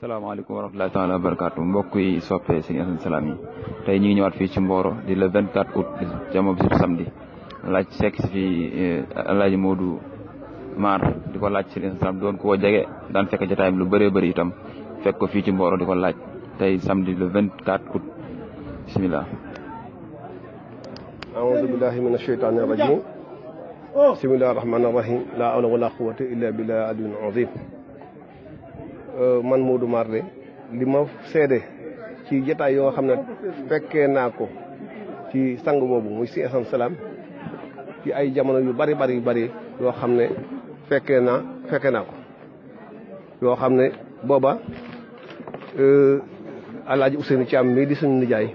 salaamaaleykum wa rahmatulaahi taala barakaatu mbokk yi soppee Sëriñ Asan Salaam yi tey ñu ngi ñëwaat fii ci Mboro di le 24 août jamo bisib samedi laaj eh, Moodu Maar di ko laaj Sëriñ Asan Salaam doon ko jege daan fekk jotaay lu bëree bëri itam fekk ko fii ci Mboro di ko laaj tey samedi le 24 août bisimilah aoudu billahi min la hawla wala quwata illa billah aliyun azim Euh, man Modou Mardé li ma seede ci jotaay yoo xam ne fekkee naa ko ci sang boobu muy si asan salaam ci ay jamono yu bari bari yu bari yoo xam ne fekkee naa fekkee naa ko yoo xam ne booba euh, alaaji Ousseynou Thiam mii di suñu nijaay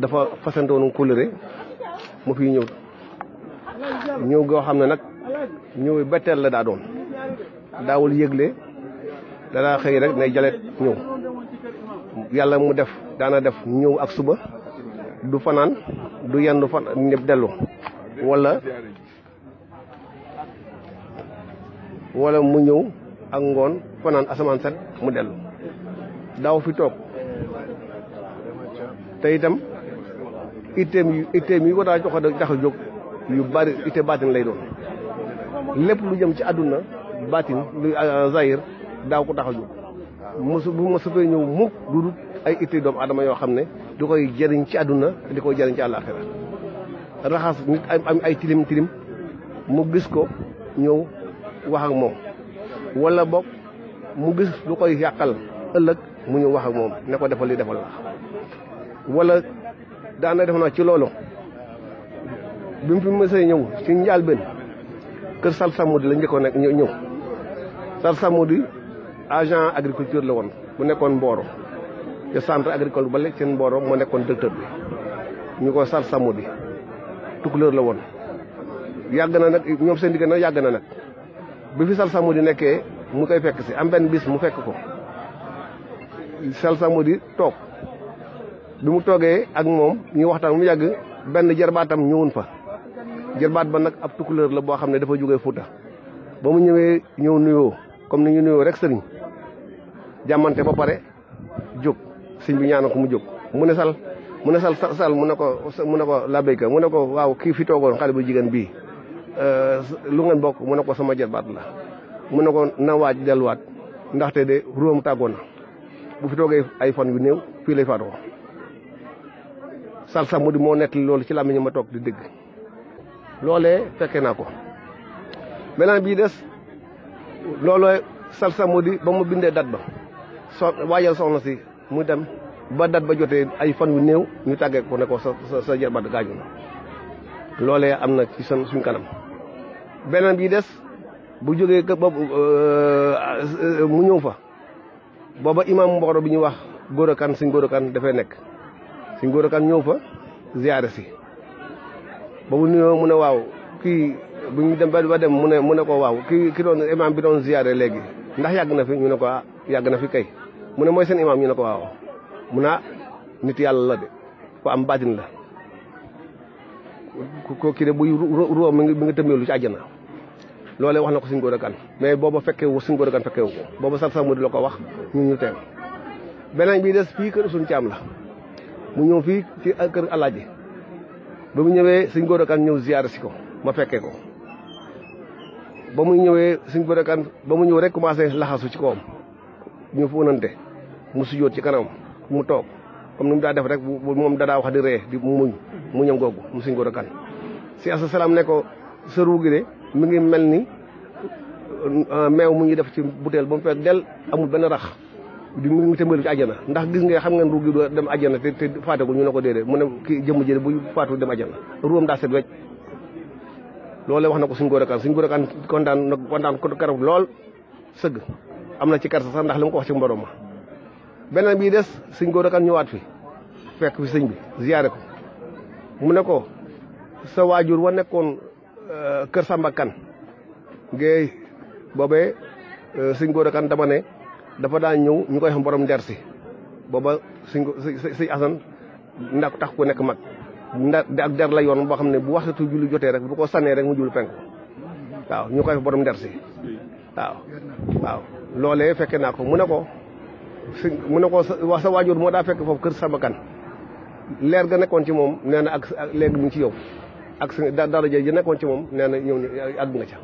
dafa fasante woon kóllëre mu fi ñëw ñëw goo xam ne nag ñëw betteel la daa doon daawul yëgle dara xey rek ngay jalet ñew yalla mu def dana def ñew ak suba du fanan du yendu fan ñëpp delu wala wala mu ñew ak ngon fanan asaman set mu delu daw fi tok te itam item yu itteem yi ko daa tax a yu bari ite batin lay doon lepp lu jëm ci aduna batin lu euh, zahir daaw ko tax a jóg mosu bu ma sufee ñëw mukk du ay itti doomu adama yoo xam ne du koy jëriñ ci àdduna di koy jëriñ ci àllaaxira raxas nit am ay tilim tilim mu gis ko ñëw wax moom wala boog mu gis lu koy yàqal ëllëg mu ñëw wax moom ne ko defal li defal la wala daana def naa ci loolo bi mu fi mësee ñëw ci njaalbeen kër Salsamodi la njëkkoon nekk ñëw Salsamodi agent agriculture la won bu nekkoon Mboro ci centre agricole ba lek sen Mboro mo nekkoon docteur bi ñu ko sar sàmm bi tukulóor la won yag na nak ñom sen diggante yag na nak bi fi sar di mu koy fekk si am ben bis mu fekk ko sar sàmm di toog bi mu togué ak mom ñu waxtan mu yag ben jarbatam ñewun fa jarbat ba nak ab tukulóor la bo xamné dafa jógee Fuuta ba mu ñëw nuyo comme ni ñu nuyo rek sëriñ Zaman ba pare juk sëñ bi ñaanako mu juk mu ne sal mu ne sal sal mu ne ko mu ne ko ka mu ne ko waaw ki fi togon xale bu bi euh lu ngeen bok mu ne ko sama jarbaat la mu ne ko na waaj delluwaat ndaxte de ruwam tagona bu fi toogee ay fan yu néew fi lay faato sal mudi mo nettali lool ci lamiñu ma tok di deug lolé fekkee ko sal mudi ba mu dat ba so waajal soxna si mu dem ba dat ba jotee ay fan wu néew ñu tàggee ko ne ko sa sa sa jarbaat gaañu loolee am na ci seen suñ kanam beneen bi des bu jógee ba euh, euh, mu ñëw fa booba imam Mboro bi ñuy wax góor a kan suñ góor a nekk suñ góor kan ñëw fa ziyaare si ba mu nuyoo mu ne waaw kii bu ñu dem ba dem mu ne mu ne ko waaw ki ki doon imam bi doon ziyaare léegi ndax yàgg na fi ñu ne ko ah yàgg na fi kay mune moy sen Imam ñu nako waaw muna ah, nit yalla la de ko am badin la ko ki de bu roo mi nga teemel lu ci aljana lolé wax nako ko suñ mais booba fekke wu suñ góor akan wu ko sa di wax ñu ñu teew benen bi dess fi keur suñu la mu ñew fi ci keur alaaji ba mu ñewé ko ma fekke ko ba mu ñewé ba mu ñew rek commencé laxasu ci ko ñu fonante mu sujjoot ci kanam mu tok comme nu mu def rek mom da da wax di re di muñ muñam gogu mu suñ góor kan si assa salam ne ko seru gi de mi ngi mel ni eh, meew mu ñuy def ci butéel bu fek del amul ben rax di mu ngi tëmbali ci aljana ndax gis nga xam nga ru gi do dem aljana te te faatagul ñu nako dede mu ne ki jëm jëre bu faatu dem aljana ruwam da set wecc lolé wax na ko suñ góor kan suñ góor kan ko karaw lol seug amna ci carte sax ndax lam ko wax ci mborom ma beneen bii des sëñ góor akan fi fekk fi seigne bi ziaré ko mu ne ko sa wajur wa nekkon keur Samba Kan ngey bobé euh, seigne goor akan dama ne dafa da ñew ñukoy xam borom dersi boba seigne asan ndax tax ku nek mak ndax der la yoon bo xamne bu waxtu julli joté rek bu ko sané rek mu jublu penko waaw ñukoy borom dersi waaw waaw loolee fekke naa ko mu ne ko si mu ne ko wax sa waajur moo daa fekk foofu kër kan leer ga nekkoon ci moom nee na ak léegi mu ngi ci yow ak suñu dara ji nekkoon ci moom nee na ñëw àgg nga ca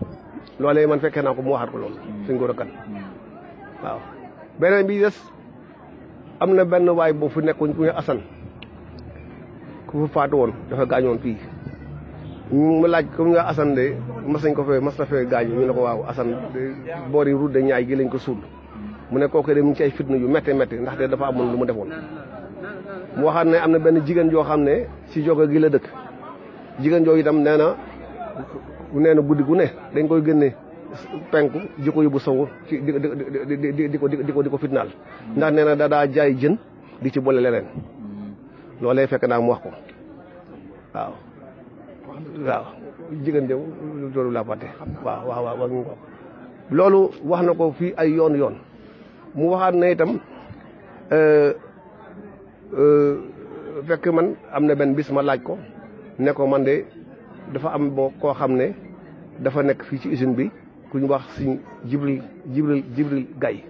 loolee man fekkee naa ko mu waxaat ko lool suñ góor a kan waaw. beneen bi des am na benn waay boobu fi nekkoon ku ñu ku fa faatu woon dafa gaañoon fii. mu laaj comme nga Assane de mas ko fee mas na fee gaañu ñu ne ko waaw Assane boor yi ñaay gi lañ ko suul mu ne kooku de mu fitna yu métte métte ndaxte dafa amoon lu mu defoon mu waxaat ne am na benn jigéen joo xam ne si jogo gi la dëkk nee na nee na guddi gu ne dañ koy génne penku jiko ko yóbbu sowu ci di ko di di ko fitnaal ndax nee na da daa jaay jën di ci boole leneen loolee fekk naa mu wax ko waaw waaw diggante loolu laa fàtte waaw waaw waaw waaw loolu wax na ko fii ay yoon yoon mu waxaat na itam euh, euh, fekk man am na benn bis ma laaj ko ne ko man de dafa am boo koo xam ne dafa nekk fii si usine bi ku ñu wax si jibril jibril jibril gay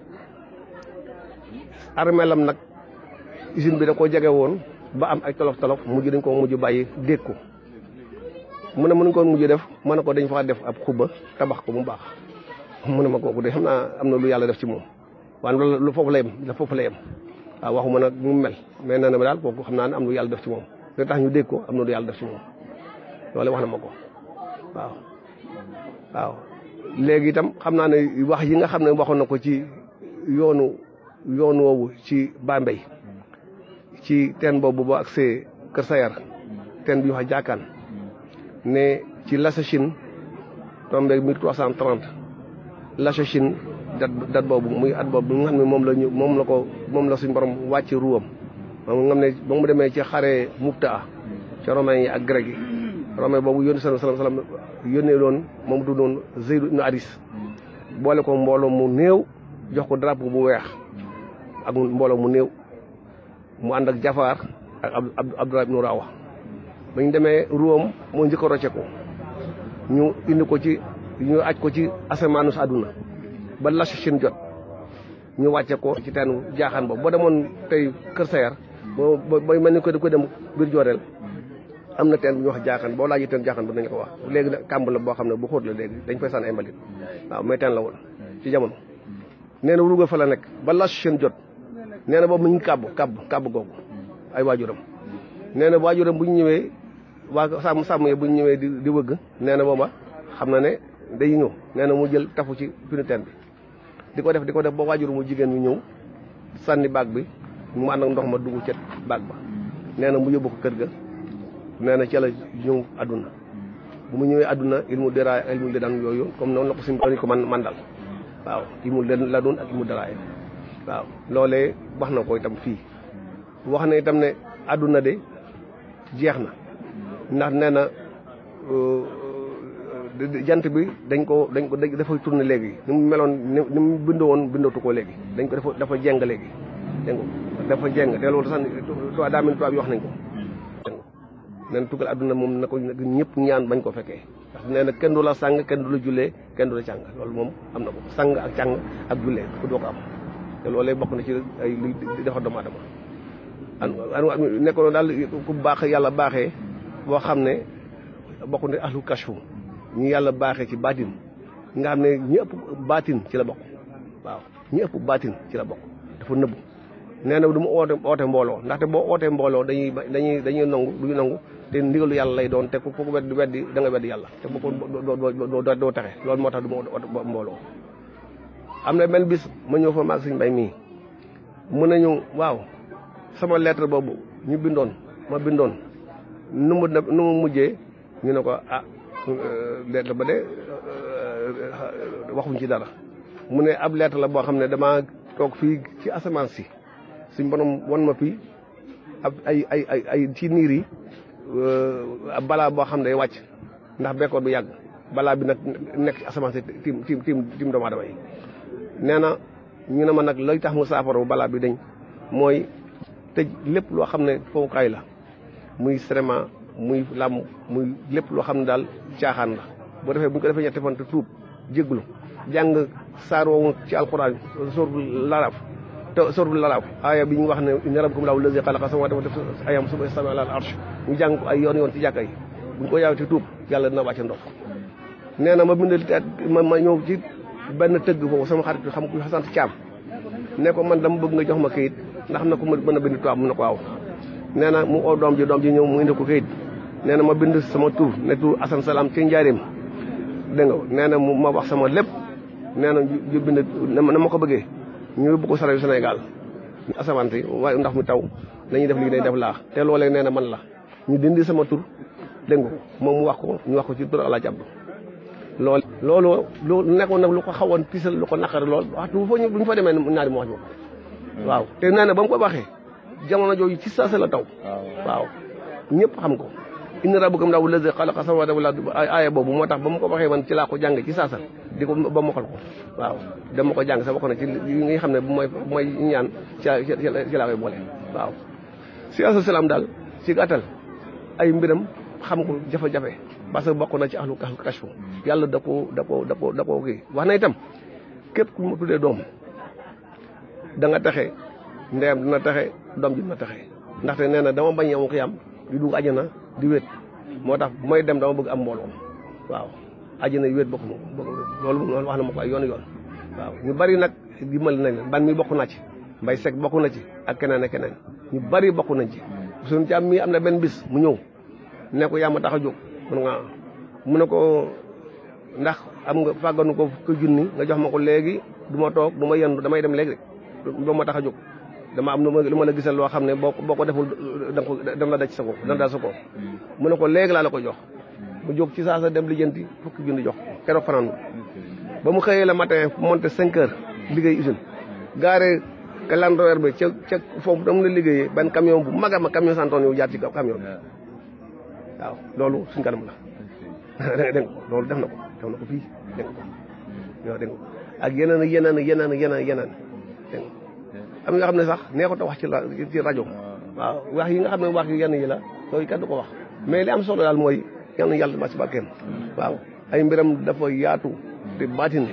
armelam nag usine bi da ko jege woon ba am ay tolof tolof mujj dañ ko mujj bàyyi dégg ko mun mu ne mënuñ ko mujj def mën na ko dañ faa def ab xubba tabax ko mu baax mu ne ma kooku de xam naa am na lu yàlla def ci moom waaye loolu lu foofu la foofu la yem waaw waxuma nag mu mel mais nee na ma daal kooku xam naa ne am lu yàlla def ci moom li tax ñu dégg ko am lu yàlla def ci wax na ma ko waaw léegi itam xam naa ne wax yi nga xam ne waxoon na ko ci yoonu yoon woowu ci Bambey ci teen boobu ba ak see Kër teen bi ñu wax jaakaan ne ci Lassachine tombeeg 1330 Lassachine dat dat boobu muy at boobu nga xam ne moom la moom la ko moom la suñ borom wàcc ruwam moom nga xam ne ba mu demee ci xare Mubtaa ca romain yi ak grec yi romain boobu yónni salaam salaam salaam yónnee loon moom du doon Zeydu ibnu Aris boole ko mbooloo mu néew jox ko drapeau bu weex ak mbooloo mu néew mu ànd ak Jafaar ak Abdullah ibnu Rawa ñu demee ruwam moo njëkk a rocceeku ñu indi ko ci ñu aj ko ci asamaanu sa àdduna ba las sin jot ñu wàcce ko ci teen jaaxaan boobu boo demoon tey Kër Sayar boo booy mel ni ko di ko dem biir jooreel am na teen bu ñuy wax jaaxaan boo laajee teen jaaxaan ba nañ ko wax léegi nag kàmb la boo xam ne bu xóot la léegi dañ fay sànni ay mbalit waaw mais teen la woon ci jamono nee na ruuga fa la nekk ba las sin jot nee na boobu mu ngi kàbb kàbb kàbb googu ay waajuram nee waajuram bu ñu ñëwee wa sam sam yi bu ñu ñëwee di di wëgg néna moma xamna né day ñëw néna mu jël tafu ci pinu bi di def di def bo waajur mu jigen ñu ñëw sanni baag bi mu and ak ndox ma duggu ci baag ba néna mu yobbu ko kër ga néna ci la ñëw aduna bu mu ñëwé aduna ilmu diraaya ilmu ledaan yoyu comme non la ko suñu ko man mandal waaw ilmu len la doon ak ilmu diraaya waaw lolé wax na ko itam fi wax na itam né aduna de jeexna ndax nee na euh, euh, jant bi dañ ko dañ ko dafa tourner léegi ni mu meloon ni mu bindoo woon bindootu ko léegi dañ ko dafa dafa jeng léegi dégg dafa jeng te loolu sax tuwa daa mel tubaab yi wax nañ ko nen tugal aduna mom nako ñepp ñaan bañ ko fekkee ndax neena na kenn du la sang kenn du la jullee kenn du la jang loolu mom amna ko sang ak jang ak jullee ku do ko am te lolé bokku na ci ay li luy defar doomu adama an nekkoon dal ku baax yalla baaxee boo xam ne bokk ne ahlu kashfu ñu yàlla baaxee ci baatin nga xam ne ñi baatin ci la bokk waaw ñi ëpp baatin ci la bokk dafa nëbb nee na du mu oote oote mbooloo ndaxte boo ootee mbooloo dañuy dañuy dañuy nangu duñu nangu te ndigalu yàlla lay doon te ku ko weddi weddi da nga weddi yàlla te bu ko doo doo taxe loolu moo tax du mu oote mbooloo am na benn bis ma ñëw fa maag suñu mbay mii mun nañu waaw sama lettre boobu ñu bindoon ma bindoon nu mu nu mu mujjee ñu ne ko ah euh, lettre ba de euh, waxuñ ci dara mu ne ab lettre la boo xam ne damaa toog fii ci asamaan si suñ borom wan ma fi ab ay ay ay ay ci niir euh, balaa boo xam ne day wàcc ndax bekkoor bu yàgg balaa bi nag nekk ci asamaan si tiim tiim tiim tiim doomu nee na ñu ne ma nag looy tax mu saafara bu balaa bi dañ mooy tëj lépp loo xam ne fowukaay la muy cinéma muy làmm muy lépp loo xam ne daal caaxaan la boo defee bu ñu ko defee ñetti fan te tuub jégglu jàng saar woowu ci alquran sóorbu laraaf te sóorbu laraaf aaya bi ñu wax ne inna rabbakum laahu lazi xalaqa samaawaati wal arda ayam suma istawa alal arsh ñu jàng ko ay yoon yoon ci jàkka yi bu ñu ko yaawee te tuub yàlla dina wàcce ndox nee na ma bind ma ma ñëw ci benn tëgg foofu sama xarit xam ku sant caam ne ko man dama bëgg nga jox ma kayit ndax na ko mën a bind tubaab mu ne ko waaw nena mu o dom ji dom ji ñew mu indi ko kayit nena ma bind sama tur ne tur asan salam ci ndiarim de nga nena mu ma wax sama lepp nena ju bind na ma ko ñu bu ko sarayu senegal asamanti way ndax mu taw lañuy def li day def laa te lolé nena man la ñu dindi sama tur de nga moom mu wax ko ñu wax ko ci tur Alaaji jabb loolu lolo lu nekkon nak lu ko xawon pisal lu ko nakar lool waxtu ñu buñ fa ñaari mo wax mm. waaw te nena bam ko waxé jamono jooju ci saase la taw waaw ñëpp xam ko inna rabbukum laahu lazi xalaqa samaawaati wal arda a boobu moo tax ba mu ko waxee man ci laa ko jàng ci saasa di ko ba mokkal ko waaw dama ko jàng sax bokk na ci nga xam ne bu mooy mooy ñaan ci ci laa koy boole waaw si asa salaam daal ci gàttal ay mbiram xam ko jafe-jafe parce que bokk na ci ahlu ahlu kashfu yàlla da ko da ko da ko da ko kii wax na itam képp ku ma tuddee doom da nga taxe ndeyam dina taxé dom dina taxé ndax té néna dama bañ yamu xiyam di dug aljana di wét motax moy dem dama bëgg am mbolo waaw aljana wét bokk loolu loolu wax na ma ay yoon yoon waaw ñu bari nak dimbali nañ ban mi bokku na ci mbay sek bokku na ci ak keneen ak keneen ñu bari bokku nañ ci suñu ci am mii am bis mu ñew ne ko yaa taxaju mu nga mu ne ko ndax am nga fàgganu ko ko junni nga jox mako ko duma tok duma yendu damay dem léegi rek du dama am lu ma lu ma la gisal loo xam ne boo boo ko deful da ko dana la daj sa ko dana daj sa ko mu ne ko léegi laa la ko jox mu jóg ci saasa dem lijjanti fukki junni jox keroog fanaan ba mu xëyee la matin monté cinq heures liggéey usine gaare ka Land Rover bi ca ca foofu dam na liggéeyee benn camion bu mag a mag camion santoon yu jaar ci camion bi waaw loolu suñ kanam la dégg nga loolu def na ko def na ko fii dégg nga ko dégg nga ko ak yeneen ak yeneen ak yeneen ak yeneen yeneen am nga xam ne sax neexut a wax ci la ci rajo waaw wax yi nga xam ne wax yu yenn yi la loolu kenn du ko wax mais li am solo daal mooy yal na yàlla ci barkeem waaw ay mbiram dafa yaatu te baatin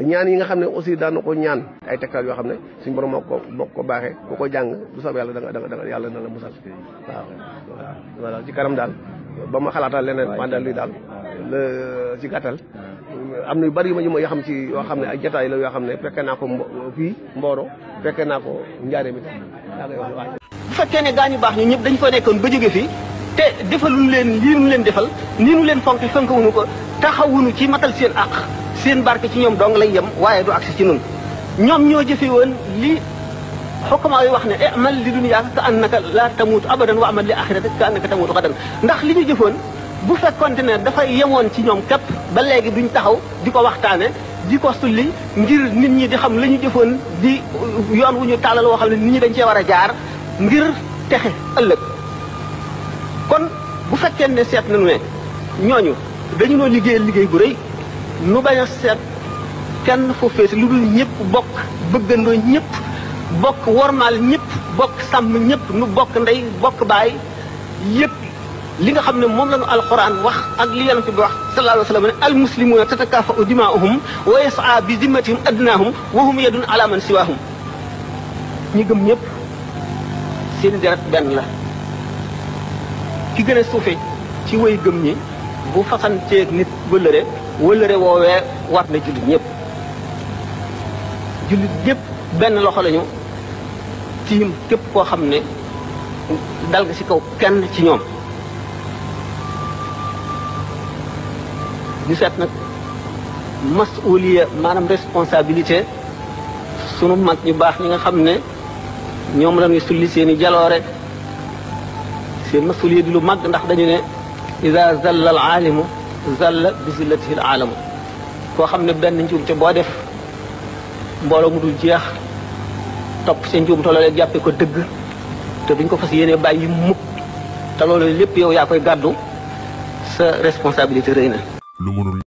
ñaan yi nga xam ne aussi daan na ko ñaan ay tegtal yoo xam ne suñ borom moo ko moo ko baaxee ku ko jàng bu soobee yàlla da nga da yàlla na la musal waaw voilà ci kanam daal ba ma xalaatal leneen man daal lii si ci gàttal am na yu bari yu ma yu ma yoo xam ci yoo xam ne ay jataay la yoo xam ne fekkee naa ko fii Mboro fekkee naa ko Njaare mi daa koy wax waaj bu fekkee ne gaa ñu baax ñu ñëpp dañ ko nekkoon ba jóge fii te defaluñu leen li nu leen defal nii nu leen fonk fonk wuñu ko taxawuñu ci matal seen àq seen barke ci ñoom dong lay yem waaye du agsi ci nun ñoom ñoo jëfe woon li xokkamaa yi wax ne amal li dunyaa ka annaka laa tamuutu abadan wa amal li axirata ka annaka tamuutu xadan ndax li ñu bu fekkonte ne dafa yemoon ci ñoom képp ba léegi duñ taxaw di ko waxtaane di ko sulli ngir nit ñi di xam la ñu jëfoon di uh, yoon wu ñu tàllal woo xam ne nit ñi dañ cee war a jaar ngir texe ëllëg kon bu fekkee ne seet nañu ne ñooñu dañu noo liggéey liggéey bu rëy nu bañ a seet kenn fu fees lu dul ñëpp bokk bëggandoo ñëpp bokk wormaal ñëpp bokk sàmm ñëpp nu bokk ndey bokk baay yëpp li nga xam ne moom lañu alxuraan wax ak li yonent bi wax sallallahu alayhi wa sallam ne almuslimuna tatakaafau dimaa'uhum wa yasaa bi zimmatihim adnaahum wa hum yadun ala man siwaahum ñi gëm ñëpp seen deret benn la ki gën a suufe ci way gëm ñi bu fasanteeg nit wëllëre wëllëre woowee war na jullit ñëpp jullit ñëpp benn loxo lañu tiim képp koo xam ne dal nga ci kaw kenn ci ñoom ñu seet nag masuliya maanaam responsabilité sunu mag ñu baax ñi nga xam ne ñoom la ñu sulli seen i jaloore seen masuliya di lu mag ndax dañu ne ida zalla al aalimu zalla bi zillatihi al aalamu koo xam ne benn njuumte boo def mbooloo mu jeex topp sa njuumte loolee jàppee ko dëgg te buñ ko fas yéenee bàyyi mukk te loolu lépp yow yaa koy gàddu sa responsabilité rey na lu mënul